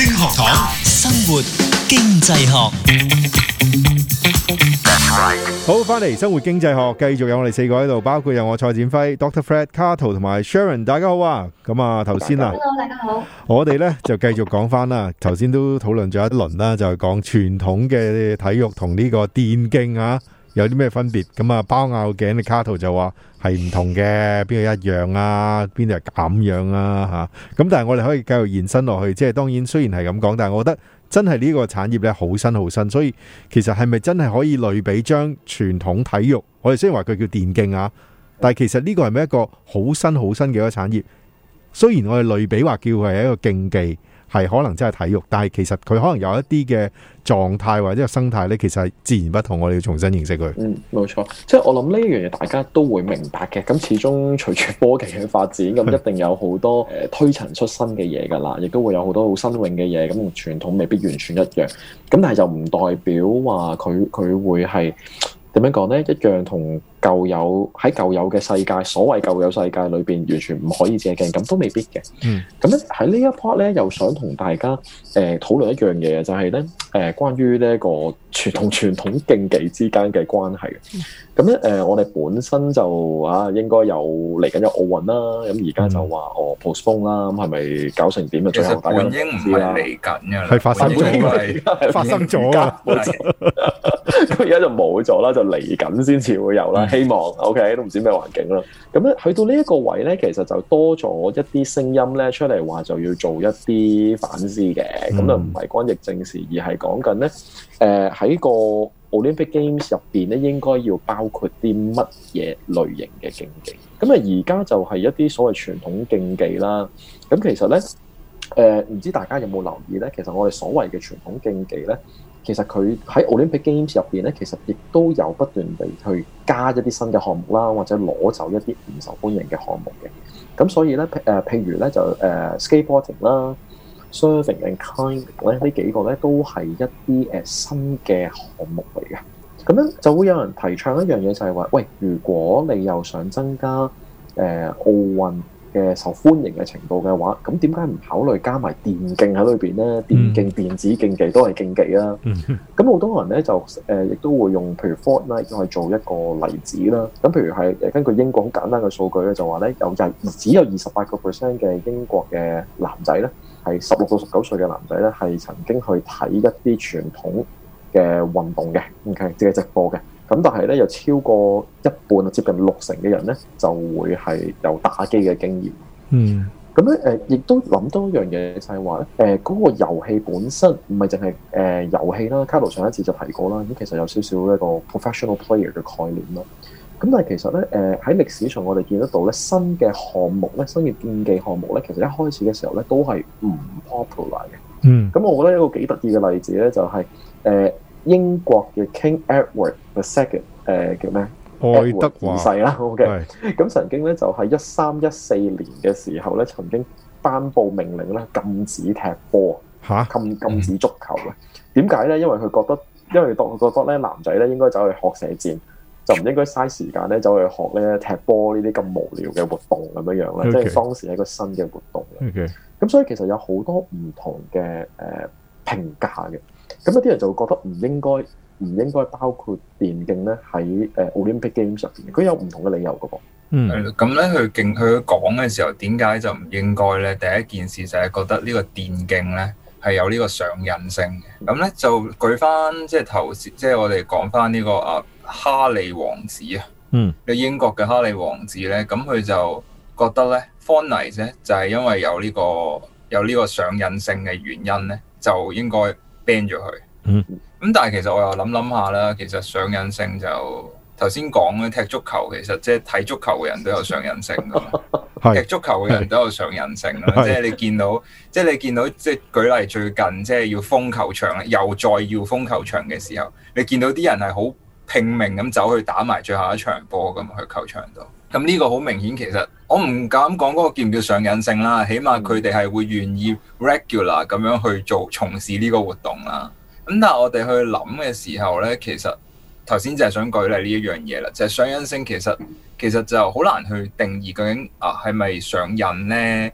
財星學堂，生活經濟學。好，翻嚟生活經濟學，繼續有我哋四個喺度，包括有我蔡展輝、Doctor Fred Carter 同埋 Sharon，大家好啊！咁啊，頭先啊，大家好，我哋呢就繼續講翻啦。頭先都討論咗一輪啦，就係講傳統嘅體育同呢個電競啊。有啲咩分別咁啊？包拗頸嘅卡圖就話係唔同嘅，邊個一樣啊？邊度係咁樣啊？吓咁，但係我哋可以繼續延伸落去，即係當然雖然係咁講，但係我覺得真係呢個產業咧好新好新，所以其實係咪真係可以類比將傳統體育？我哋雖然話佢叫電競啊，但係其實呢個係咪一個好新好新嘅一個產業？雖然我哋類比話叫佢係一個競技。係可能真係體育，但係其實佢可能有一啲嘅狀態或者個生態呢，其實係自然不同，我哋要重新認識佢。嗯，冇錯，即係我諗呢一樣嘢，大家都會明白嘅。咁始終隨住科技嘅發展，咁一定有好多誒、呃、推陳出新嘅嘢噶啦，亦都會有好多好新穎嘅嘢，咁同傳統未必完全一樣。咁但係就唔代表話佢佢會係點樣講呢？一樣同。舊有喺舊有嘅世界，所謂舊有世界裏邊，完全唔可以借鏡，咁都未必嘅。嗯，咁咧喺呢一 part 咧，又想同大家誒討論一樣嘢，就係咧誒關於呢一個傳同傳統競技之間嘅關係嘅。咁咧誒，我哋本身就啊，應該有嚟緊有奧運啦。咁而家就話哦 postpone 啦，咁係咪搞成點啊？其實已經唔係嚟緊嘅啦，係發生咗發生咗啦。咁而家就冇咗啦，就嚟緊先至會有啦。希望 ，OK，都唔知咩環境啦。咁咧，去到呢一個位咧，其實就多咗一啲聲音咧，出嚟話就要做一啲反思嘅。咁啊，唔係關疫政事，而係講緊咧，誒、呃，喺個 Olympic Games 入邊咧，應該要包括啲乜嘢類型嘅競技。咁啊，而家就係一啲所謂傳統競技啦。咁其實咧，誒、呃，唔知大家有冇留意咧？其實我哋所謂嘅傳統競技咧。其實佢喺 Olympic Games 入邊咧，其實亦都有不斷地去加一啲新嘅項目啦，或者攞走一啲唔受歡迎嘅項目嘅。咁所以咧，誒譬、呃、譬如咧就誒、呃、skateboarding 啦、surfing and climbing 咧，呢幾個咧都係一啲誒、啊、新嘅項目嚟嘅。咁樣就會有人提倡一樣嘢，就是，就係話喂，如果你又想增加誒奧運，呃嘅受歡迎嘅程度嘅話，咁點解唔考慮加埋電競喺裏邊呢？電競、電子競技都係競技啊！咁好 多人呢，就誒，亦、呃、都會用譬如 Fortnite 去做一個例子啦。咁譬如係根據英國好簡單嘅數據咧，就話呢，有二只有二十八個 percent 嘅英國嘅男仔呢，係十六到十九歲嘅男仔呢，係曾經去睇一啲傳統嘅運動嘅，唔該，即係直播嘅。咁但係咧，又超過一半接近六成嘅人咧，就會係有打機嘅經驗。嗯。咁咧，誒、呃，亦都諗多一樣嘢，就係話咧，誒、呃，嗰、這個遊戲本身唔係淨係誒遊戲啦。卡羅上一次就提過啦，咁其實有少少一個 professional player 嘅概念咯。咁但係其實咧，誒、呃，喺歷史上我哋見得到咧，新嘅項目咧，新嘅競技項目咧，其實一開始嘅時候咧，都係唔 popular 嘅。嗯。咁我覺得一個幾得意嘅例子咧，就係、是、誒。呃英國嘅 King Edward II，誒、呃、叫咩？愛德華二世啦，OK。咁曾經咧就喺一三一四年嘅時候咧，曾經頒布命令咧禁止踢波嚇，禁禁止足球嘅。點解咧？嗯嗯、因為佢覺得，因為當佢覺得咧男仔咧應該走去學射箭，就唔應該嘥時間咧走去學咧踢波呢啲咁無聊嘅活動咁樣樣咧，即係當時係一個新嘅活動。咁 Okay.、嗯、所以其實有好多唔同嘅誒、呃、評價嘅。咁一啲人就會覺得唔應該，唔應該包括電競咧喺誒奧林匹克 Games 上面。佢有唔同嘅理由噶噃。嗯，咁咧佢競佢講嘅時候，點解就唔應該咧？第一件事就係覺得呢個電競咧係有呢個上癮性嘅。咁咧就舉翻即係頭先，即係我哋講翻呢個啊哈利王子啊。嗯。嘅英國嘅哈利王子咧，咁佢就覺得咧，Fortnite 咧就係因為有呢個有呢個上癮性嘅原因咧，就應該，ban 咗佢，咁但係其實我又諗諗下啦，其實上癮性就頭先講咧，踢足球其實即係睇足球嘅人都有上癮性， 踢足球嘅人都有上癮性啦，即係 你見到，即係你見到，即係舉例最近即係要封球場，又再要封球場嘅時候，你見到啲人係好拼命咁走去打埋最後一場波咁去球場度。咁呢個好明顯，其實我唔敢講嗰個叫唔叫上癮性啦，起碼佢哋係會願意 regular 咁樣去做從事呢個活動啦。咁但係我哋去諗嘅時候呢，其實頭先就係想舉例呢一樣嘢啦，就係、是、上癮性其實其實就好難去定義究竟啊係咪上癮呢。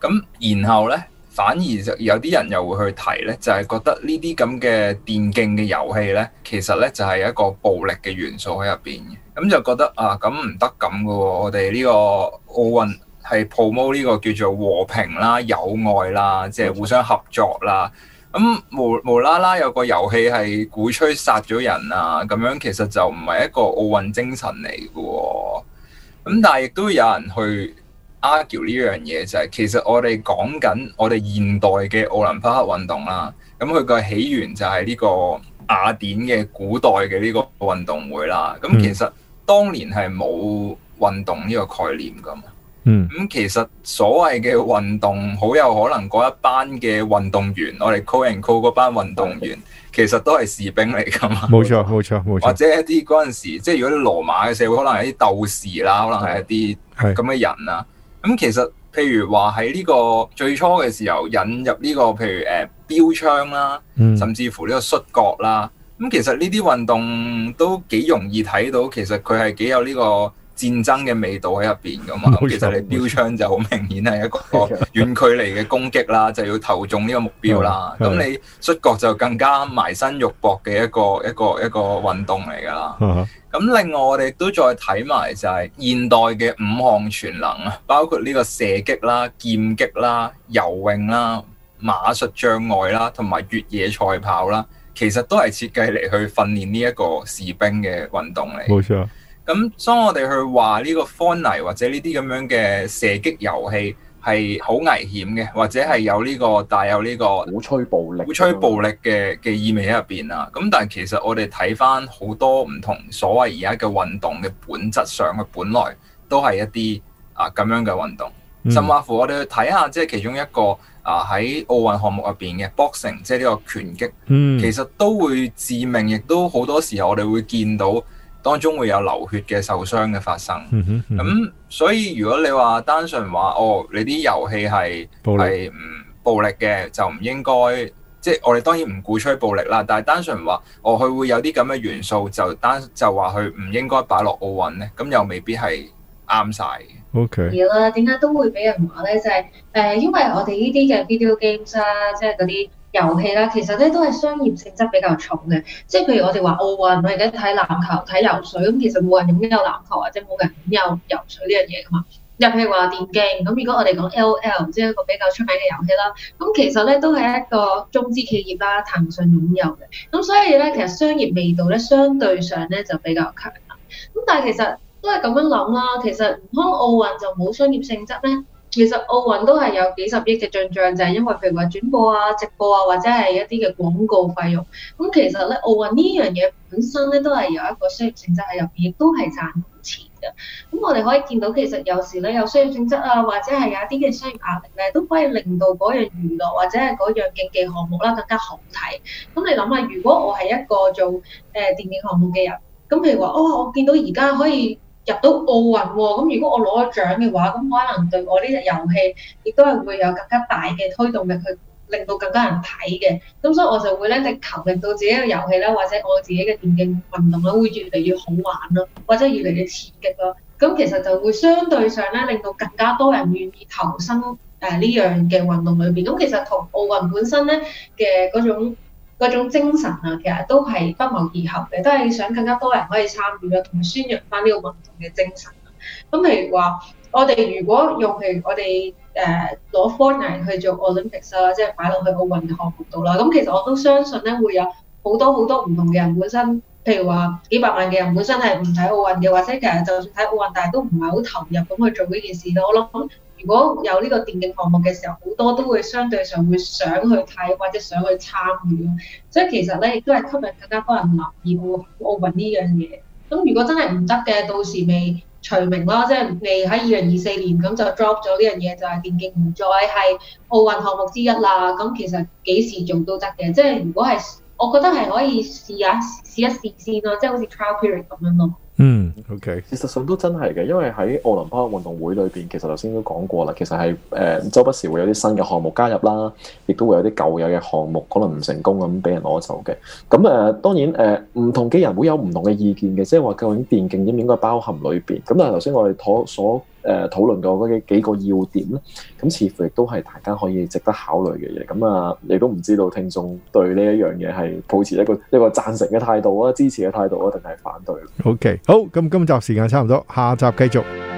咁然後呢？反而就有啲人又會去提呢就係、是、覺得呢啲咁嘅電競嘅遊戲呢，其實呢就係、是、一個暴力嘅元素喺入邊嘅，咁、嗯、就覺得啊，咁唔得咁㗎喎。我哋呢個奧運係 promote 呢個叫做和平啦、友愛啦，即、就、係、是、互相合作啦。咁、嗯嗯、無無啦啦有個遊戲係鼓吹殺咗人啊，咁樣其實就唔係一個奧運精神嚟㗎喎。咁但係亦都有人去。阿喬，呢樣嘢就係其實我哋講緊我哋現代嘅奧林匹克運動啦，咁佢個起源就係呢個雅典嘅古代嘅呢個運動會啦。咁其實當年係冇運動呢個概念噶嘛。嗯。咁、嗯、其實所謂嘅運動，好有可能嗰一班嘅運動員，我哋 call call 嗰班運動員，嗯、其實都係士兵嚟噶嘛。冇錯，冇錯。冇錯。或者一啲嗰陣時，即係如果羅馬嘅社會可能係一啲鬥士啦，嗯、可能係一啲咁嘅人啊。是咁其實，譬如話喺呢個最初嘅時候引入呢、呢個，譬如誒標、呃、槍啦，甚至乎呢個摔角啦。咁、嗯、其實呢啲運動都幾容易睇到，其實佢係幾有呢、呢個。戰爭嘅味道喺入邊噶嘛？冇錯。其實你標槍就好明顯係一個遠距離嘅攻擊啦， 就要投中呢個目標啦。咁 你摔角就更加埋身肉搏嘅一個一個一個運動嚟噶啦。咁 另外我哋都再睇埋就係現代嘅五項全能啊，包括呢個射擊啦、劍擊啦、游泳啦、馬術障礙啦，同埋越野賽跑啦，其實都係設計嚟去訓練呢一個士兵嘅運動嚟。冇錯。咁，當、嗯、我哋去話呢個方泥或者呢啲咁樣嘅射擊遊戲，係好危險嘅，或者係有呢、這個帶有呢、這個鼓吹暴力、鼓吹暴力嘅嘅意味喺入邊啊！咁但係其實我哋睇翻好多唔同所謂而家嘅運動嘅本質上嘅本來都係一啲啊咁樣嘅運動，嗯、甚至乎我哋去睇下，即、就、係、是、其中一個啊喺奧運項目入邊嘅 boxing，即係呢個拳擊，嗯、其實都會致命，亦都好多時候我哋會見到。當中會有流血嘅、受傷嘅發生。咁 所以如果你話單純話哦，你啲遊戲係暴力唔暴力嘅，就唔應該即係我哋當然唔鼓吹暴力啦。但係單純話哦，佢會有啲咁嘅元素，就單就話佢唔應該擺落奧運咧，咁又未必係啱晒嘅。O K 啦，點解都會俾人話咧？就係、是、誒、呃，因為我哋呢啲嘅 video games 啊，即係嗰啲。遊戲啦，其實咧都係商業性質比較重嘅，即係譬如我哋話奧運，我而家睇籃球、睇游水，咁其實冇人擁有籃球或者冇人擁有游水呢樣嘢噶嘛。又譬如話電競，咁如果我哋講 L O L，即係一個比較出名嘅遊戲啦，咁其實咧都係一個中資企業啦，騰訊擁有嘅，咁所以咧其實商業味道咧相對上咧就比較強。咁但係其實都係咁樣諗啦，其實唔通奧運就冇商業性質咩？其實奧運都係有幾十億嘅進賬，就係因為譬如話轉播啊、直播啊，或者係一啲嘅廣告費用。咁其實咧，奧運呢樣嘢本身咧都係有一個商業性質喺入邊，亦都係賺錢㗎。咁我哋可以見到，其實有時咧有商業性質啊，或者係有一啲嘅商業壓力咧，都可以令到嗰樣娛樂或者係嗰樣競技項目啦更加好睇。咁你諗下，如果我係一個做誒電影項目嘅人，咁譬如話，哦，我見到而家可以，入到奧運喎、哦，咁如果我攞咗獎嘅話，咁可能對我呢隻遊戲亦都係會有更加大嘅推動力去令到更加人睇嘅，咁所以我就會咧、就是、力求令到自己嘅遊戲啦，或者我自己嘅電競運動咧，會越嚟越好玩咯，或者越嚟越刺激咯，咁其實就會相對上咧令到更加多人願意投身誒呢樣嘅運動裏邊，咁其實同奧運本身咧嘅嗰種。嗰種精神啊，其實都係不謀而合嘅，都係想更加多人可以參與啊，同宣揚翻呢個運動嘅精神。咁譬如話，我哋如果用譬如我哋誒攞科研去做 Olympics 啦，即係擺落去奧運嘅項目度啦，咁其實我都相信咧，會有好多好多唔同嘅人本身，譬如話幾百萬嘅人本身係唔睇奧運嘅，或者其實就算睇奧運，但係都唔係好投入咁去做呢件事咯。我諗咁。如果有呢個電競項目嘅時候，好多都會相對上會想去睇或者想去參與咯。所以其實咧，亦都係吸引更加多人留意喎奧運呢樣嘢。咁如果真係唔得嘅，到時未除名咯，即係未喺二零二四年咁就 drop 咗呢樣嘢，就係電競唔再係奧運項目之一啦。咁其實幾時做都得嘅，即係如果係，我覺得係可以試下試一試先咯，即係好似 trial period 咁。嗯、mm，OK，事實上都真係嘅，因為喺奧林匹克運動會裏邊，其實頭先都講過啦，其實係誒周不時會有啲新嘅項目加入啦，亦都會有啲舊有嘅項目可能唔成功咁俾人攞走嘅。咁誒、呃，當然誒，呃，唔同嘅人會有唔同嘅意見嘅，即係話究竟電競應唔應該包含裏邊？咁但係頭先我哋妥所。誒討論過嗰幾幾個要點咧，咁似乎亦都係大家可以值得考慮嘅嘢。咁啊，亦都唔知道聽眾對呢一樣嘢係抱持一個一個贊成嘅態度啊，支持嘅態度啊，定係反對？OK，好，咁今集時間差唔多，下集繼續。